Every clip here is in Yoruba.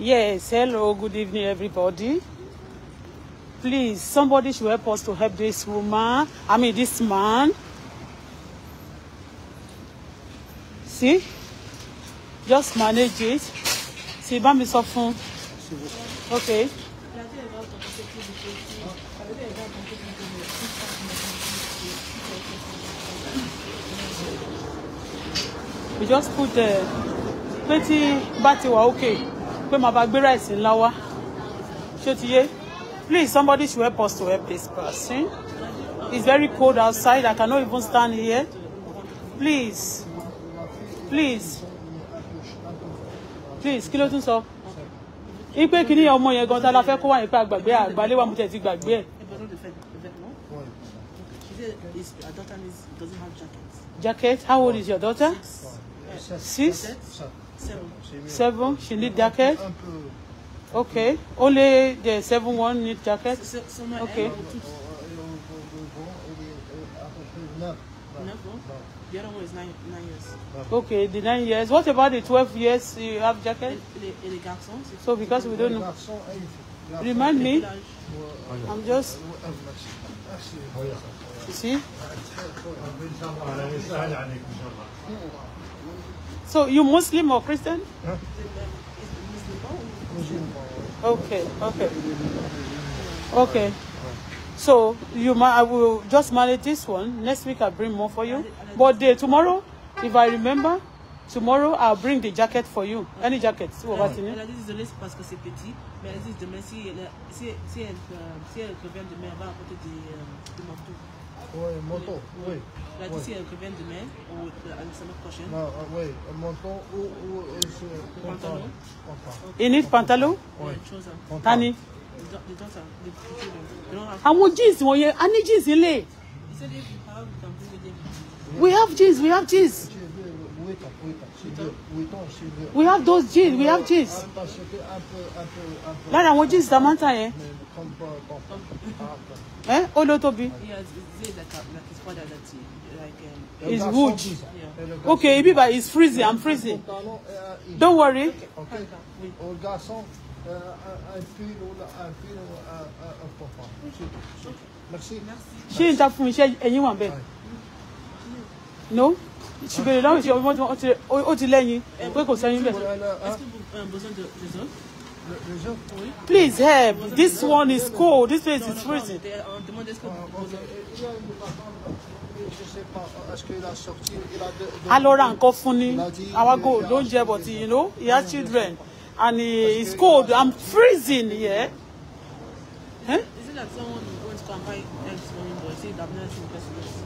Yes, hello, good evening, everybody. Please, somebody should help us to help this woman. I mean, this man. See? Just manage it. See, bá mi sọ fún. Okay we just put pé tí bá ti wà ókè pé màá bá gbé ráìsì ńlá wá please somebody should help us to help this person it's very cold outside I cannot even stand here please please please kí ló tún sọ ipe kìíní ọmọ yẹn gan-an tá a la fẹ́ kó wá yẹn pé àgbàgbé àgbáléwà mo tẹ̀ ti gbàgbé ẹ̀. daughter needs, doesn't have jackets. Jacket? How old is your daughter? Six. Six? Seven. Seven? She need jacket? Okay. Only the seven one need jacket? Okay. The other one is nine, nine years. Okay, the nine years. What about the 12 years you have jacket? So because we don't know. Remind me. I'm just... Oh, See? So you Muslim or Christian? Huh? Okay, okay. Okay. So you ma I will just manage this one. Next week I'll bring more for you. But the tomorrow, if I remember, tomorrow I'll bring the jacket for you. Any jacket. On va signer. Elle a dit petit, mais elle a dit demain si elle si elle si elle revient demain elle va apporter des des manteaux. Oui, moto. oui. La oui. revient demain ou euh, la semaine prochaine non, euh, Oui, manteau ou, ou pantalon. Pantalon. pantalon Oui. jeans jeans We have jeans, we have jeans. we have those jeans we have jeans lára àwọn jeans tá eh? Eh? Oh no, Toby. ẹ ó ló tóbi. Uh, um, it's wood. Okay, ibi it's freezing. I'm freezing. Uh, don't worry. Okay. Ṣé n ta fún iṣẹ́ ẹ̀yin wà bẹ́ẹ̀? No ìṣìbèrè lọ́rùn ìṣe ó ti lẹ́yìn pé kò sẹ́yìn bẹ́ẹ̀. Please help. This one is cold. This place is freezing. Ah, A lọ ra nǹkan fún ni. Our goal ló ń jẹ but you know he has children and he is cold. I'm freezing here. Yeah. Eh?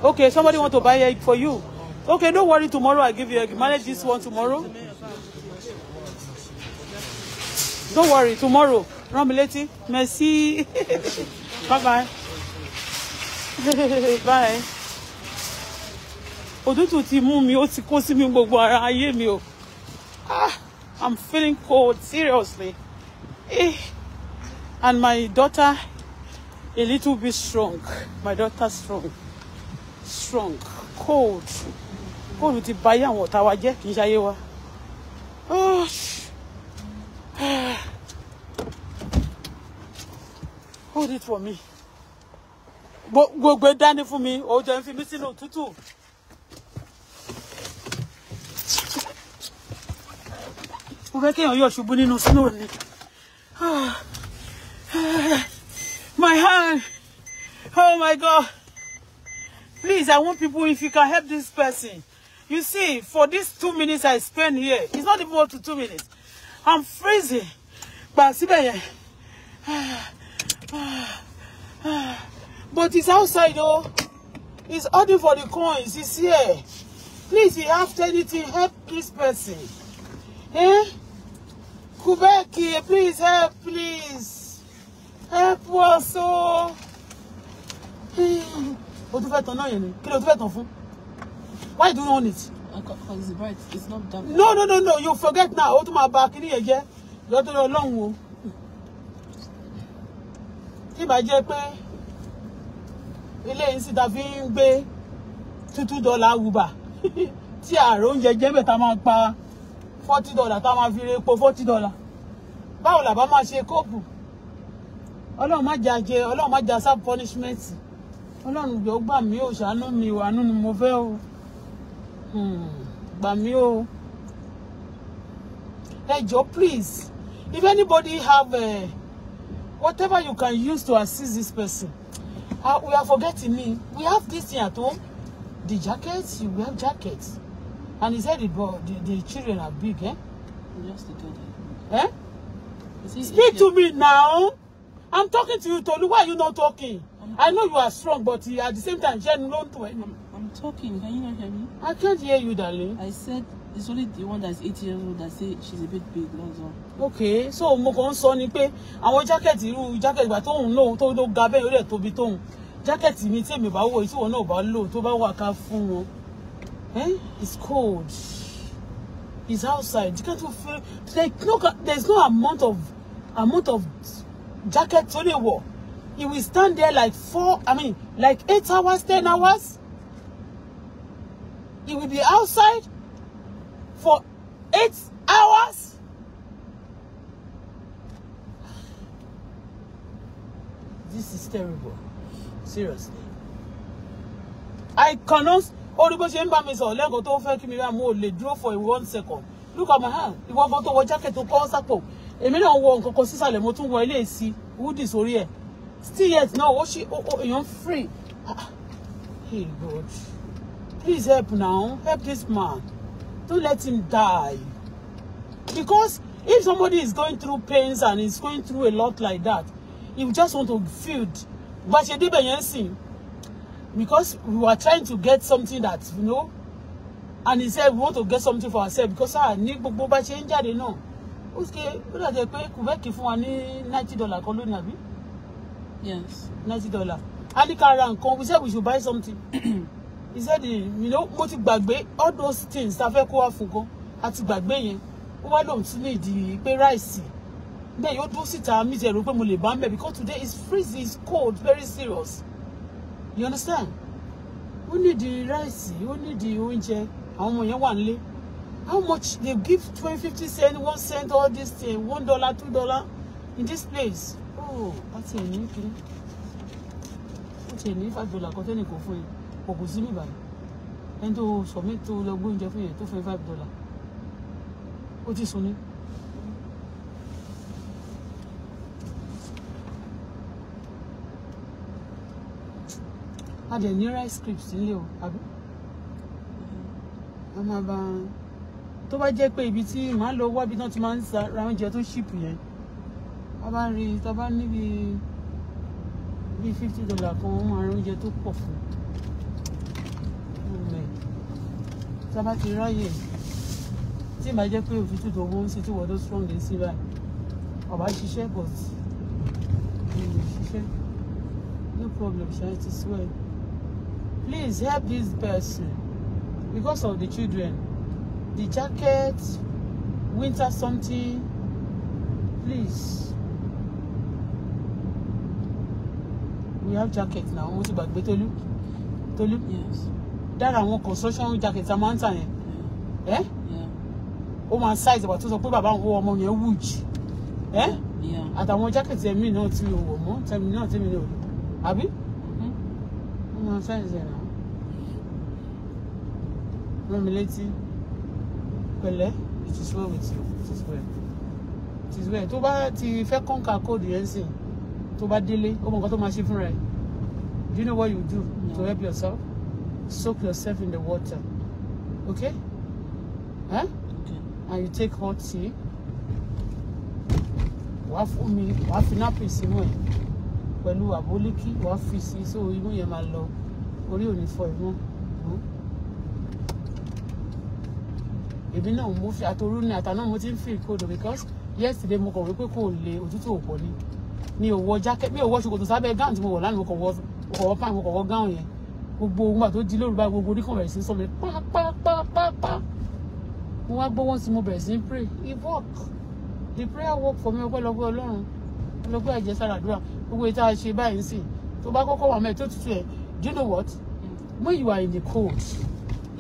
Okay, somebody want to buy egg for you. Okay, don't worry. Tomorrow I give you. I manage this one tomorrow. Don't worry. Tomorrow. Ramileti. Merci. bye bye. bye. Òtútù ti mu mi, o ti kó sí mi gbogbo ara ayé mi o. Ah, I'm feeling cold, seriously. Eh. And my daughter, a little bit strong. My daughter strong. Strong. Cold kóòtù ti ba àwọn ọ̀tá wa jẹ́ kì í ṣayé wa. Oh, hold it for me gbogbo dání fún mi òòjọ ń fi mí sínú òtútù. mo fẹ́ kéèyàn yọ̀ ṣubú nínú snow ni. Ah, my hand oh my god please i want people if you can help this person. You see, for these two minutes I spend here, it's not even up to two minutes. I'm freezing. But see yẹn. But it's outside though. It's only for the coins. It's here. Please, if you have anything, help this person. Eh? Kubeki, please help, please. Help us, oh. O hmm. tún fẹ́ tán náà yẹn ni. Kí ló tún fẹ́ tán fún? Why do you own it? Because it's bright. It's not that bright. No, no, no, no. You forget now. Ó tún máa ba kiri yẹn jẹ́. Lọ́dọ̀ Ọlọ́run o. Tí bá jẹ́ pé ilé yìí sì ta fi ń gbé two dollar wuba. Tí ààrẹ oúnjẹ jẹ́ bẹ̀ ta máa pa forty dollar ta máa fi re epo forty dollar. Báwo làbá máa ṣe kóòpù? Ọlọ́run má jà jẹ, Ọlọ́run má jà sá punishment. Ọlọ́run gbọ́ gbà mí ò ṣàánú mi ìwà nínú mo fẹ́ o. Hmm. gbà hey Joe, please if anybody have uh, whatever you can use to assist this person uh, we are forgetting me we have this thing at home the jackets. you wear jackets, and he said the the, the children are big eh. Just eh? speak to me now I'm talking to you Tony. why are you not talking I know you are strong but at the same time you're ló ń tó talking. Can you not hear me? I can't hear you, darling. I said it's only the one that's eight years old that say she's a bit big, that's all. Okay, so mo kàn sọ ni pé àwọn jacket irú jacket ìgbà tóun no, tó ló ga bẹ́ẹ̀ ó dẹ̀ tóbi jacket mi tí èmi bá wọ̀ tí wọn náà bá lò tó bá wà ká fún wọn. Eh? It's cold. It's outside. You can't feel like no there's no amount of amount of jacket tó lè wọ̀. He will stand there like four, I mean, like eight hours, ten hours. He will be outside for eight hours. This is terrible. Seriously. I cannot. Oh, the question by me so let go to offer kí mi more. mo draw for one second. Look at my hand. Ìwọ want to watch jacket to ko sapo. Èmi náà wọ nǹkan kan sísàlẹ̀ mo tún wọ ilé sí. Hoodie sórí ẹ̀. Still yet now, ó oh, you're free. Ah, ah, hey God. Please help now. Help this man. Don't let him die. Because if somebody is going through pains and is going through a lot like that, you just want to feel. But you didn't anything? Because we were trying to get something that, you know, and he said, we want to get something for ourselves because I ah, ní gbogbo bá ṣe ń jáde náà. Ó ṣe ó dàjẹ́ pé Kùbẹ́ẹ̀kì fún wa ní ninety dollar kan lónìí àbí? Yes. Ninety dollar. Adika ra we said we should buy something. he said you know mo ti gbàgbé all those things ta fẹ́ kó wá fún gan àti gbàgbé yẹn ó wá lòun ti ní ìdí pé ráìsì bẹ́ẹ̀ yóò dúró síta mi ti ẹ̀rù pé mo lè bá ń because today is freezing is cold very serious you understand We need the rice. We need the oúnjẹ àwọn ọmọ yẹn wà nílé how much they give twenty fifty cent one cent all this thing one dollar two dollar in this place oh àti ẹ̀ní kiri ó ti ẹ̀ní five dollar kan tẹ́nìkan fún pọ̀ kò sí bíbá yìí ẹni tó sọ̀mí tó lọ gbóúnjẹ fún yẹn tó fẹ́ five dollar ó ti sun ní. a dẹ̀ ní rice scripts nílé o àbí a máa bá tó bá jẹ́ pé ibi tí màá lọ wábi náà ti máa ń ra oúnjẹ tó ṣìpù yẹn a bá rí i tó bá níbi bíi fifty dollar kan ó máa ra oúnjẹ tó pọ̀ fún un. tá a bá ti ráyè tí màá jẹ́ pé òfin tó owó ń ṣe tí wọ́n tó strong ń sí báyìí ọ̀bá ṣiṣẹ́ but ìlú ṣiṣẹ́ no problem ṣe ti swear please help this person because of the children the jacket winter something please we have jacket now wọ́n ti gbàgbé Tolú Tolú. yes dára àwọn construction jacket a máa ń tà yẹn ẹ́ ó máa size bàtú sọ pé bàbá ń wọ ọmọ yẹn wù jì ẹ́ àtàwọn jacket ẹ̀mí náà tí mi ò wọ̀ mọ́ tẹ̀mí náà tẹ̀mí náà àbí ó máa size ẹ̀ náà rán mi létí pẹ̀lẹ́ it is well with you it is well it is well tó bá ti fẹ́ kọ́ńkà kóòdù yẹn sìn tó bá délé ó mọ nǹkan tó máa ṣe fúnra ẹ̀ do you know what you do no. to help yourself soak yourself in the water. Okay? Huh? Okay. And you take hot tea. Wàá mi, wàá fi napkin sínú ẹ̀ pẹ̀lú àbólíkì, wàá fi so inú yẹn máa lọ, orí ò ní fọ ẹ̀ mọ́. Èmi fi àtorú ni àtàná mo ti ń fi because yesterday mo kọ̀ wípé kò le òtútù ò pọ̀ ni. Mi ò mi ò wọ ṣòkòtò sábẹ́ gáùn tí mo wọ̀ lánàá mo kọ̀ wọ pàm mo kọ̀ wọ gáùn gbogbo ohun àti ó di lóru gbogbo oníkàn bẹ̀rẹ̀ sí sọ mi pápápápápá mo wá gbọ́ wọ́n sí mo bẹ̀rẹ̀ sí ń pray it work the prayer work for me ọpẹ́lọpẹ́ ọlọ́run ọlọ́pẹ́ àjẹsára àdúrà gbogbo ìta ṣe báyìí sí tó bá kọ́kọ́ wà mẹ́ẹ̀ tó tutù ẹ̀ do you know what when you are in the cold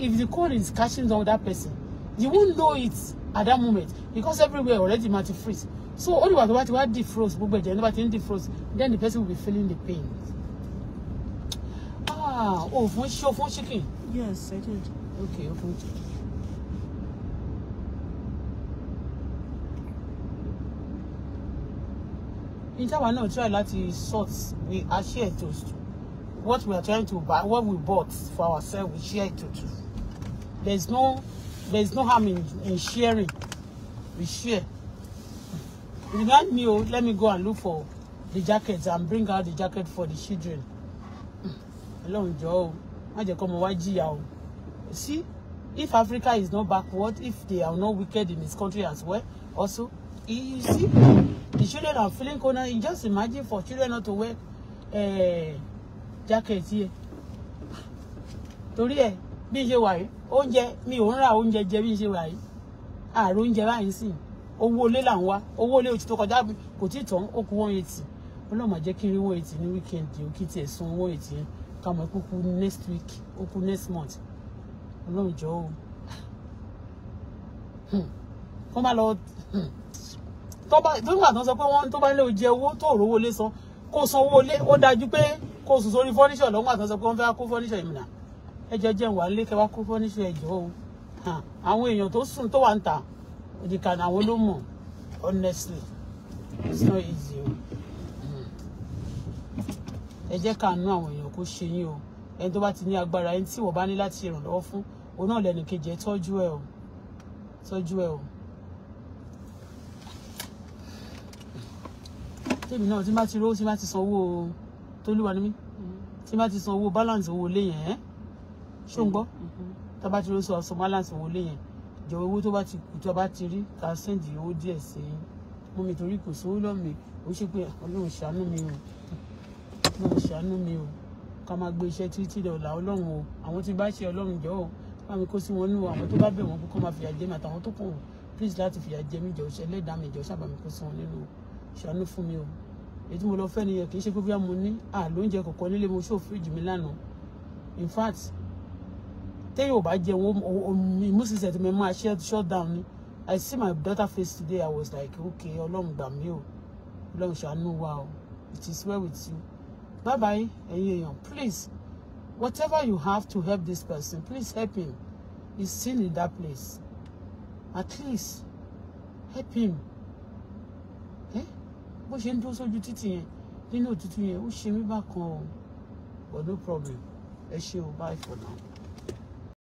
if the cold is catching down that person you won't know it at that moment because everywhere already ma ti freeze so only dìgbà tó bá ti wá defrost gbogbo ẹ̀jẹ̀ ní bá ń defrost then the person will be feeling the pain. Wow. Oh, fún ṣó fún chicken? Yes, I did. Okay, fún chicken. I know, try láti sort we are share to what we are trying to buy, what we bought for ourselves, we share it to There's no, there's no harm in, in sharing. We share. If you want me, let me go and look for the jackets and bring out the jacket for the children. Ọlọ́run jọ o má jẹ́ kọ́ ọmọ wa jìyà o see if Africa is not backward if they are not wicked in this country as well also you see the children are feeling cold now just imagine for children not to wear uh, jacket here torí ẹ bí n ṣe wà yìí oúnjẹ mi ò ń ra oúnjẹ jẹ bí n ṣe wà yìí ààrò oúnjẹ báyìí sì owó olé là ń wá owó olé oṣù tó kọjá kò tí ì ó kù one eighty ọlọ́mọ jẹ́ kí n rí one eighty ní wíkẹ́ndì ó kí tiẹ̀ san one eighty yẹn ká mọ̀ pé ó kú next week ó kú next month ọlọ́run jọ o kó má lọ tó bá tó sọ pé wọ́n tó bá nílé oúnjẹ owó tó rówó lé san kó san owó lé ó dájú pé kó sùn sórí fọ́níṣọ̀ lọ́wọ́ àtọ́ sọ pé wọ́n fẹ́ kó fọ́níṣọ̀ ìmìnà ẹ jẹ́ jẹ́ wà lé kẹwàá kó fọ́níṣọ̀ ẹ̀jọ́ o àwọn èèyàn tó sùn tó wà ń ta òdìkànnà àwọn ló mọ̀ honestly it's not easy o ẹ jẹ́ ká nú àwọn èèyàn kó ṣe yín o ẹni tó bá ti ní agbára ẹni tí wọ́n bá ní láti ìrànlọ́wọ́ fún òun náà lẹ́nu kejì ẹ tọ́jú ẹ o tọ́jú ẹ o. tèmi náà tí má ti rówó tí má ti san owó tólúwa ni mí tí má ti san owó balance owó lé yẹn ẹ́ ṣó ń gbọ́ tá bá ti rówó sọ balance owó lé yẹn jọ owó tó bá ti kù tó bá ti rí ká sẹ́ǹdì owó díẹ̀ sí i mú mi torí kò sówó lọ́mì ó ṣe pé ọlọ́run ṣàánú mi o náà ṣàánú mi o ká máa gbé iṣẹ́ títí dọ̀là ọlọ́run o àwọn tí bá ṣe ọlọ́run jọ ọ́ báwo kó sí wọn nù àwọn tó bá bẹ̀ wọ́n kó máa fìyà jẹ mi àtàwọn tó kàn please láti fìyà jẹ mi jọ ṣe ẹlẹ́dàá mi jọ sábà mi kó sí wọn nínú ṣàánú fún mi o èyí tí mo lọ fẹ́ nìyẹn kì í ṣe pé bí mo ní àlóúnjẹ kọ̀ọ̀kan nílé mo ṣó fíríjì mi lánàá in fact téyàn ò bá jẹ wọn ìmúsísẹ̀ tí mo máa shut down ni I see my daughter face today I was like okay ọlọ́run gbà mí o ọlọ́run ṣàánú wa o it is well with you bye bye please whatever you have to help this person please help him he's still in that place at least help him Eh? bó ṣe ń dúró sójú títì yẹn nínú òtútù yẹn ó ṣe mí bákan o but no problem ẹ ṣé o bye for now.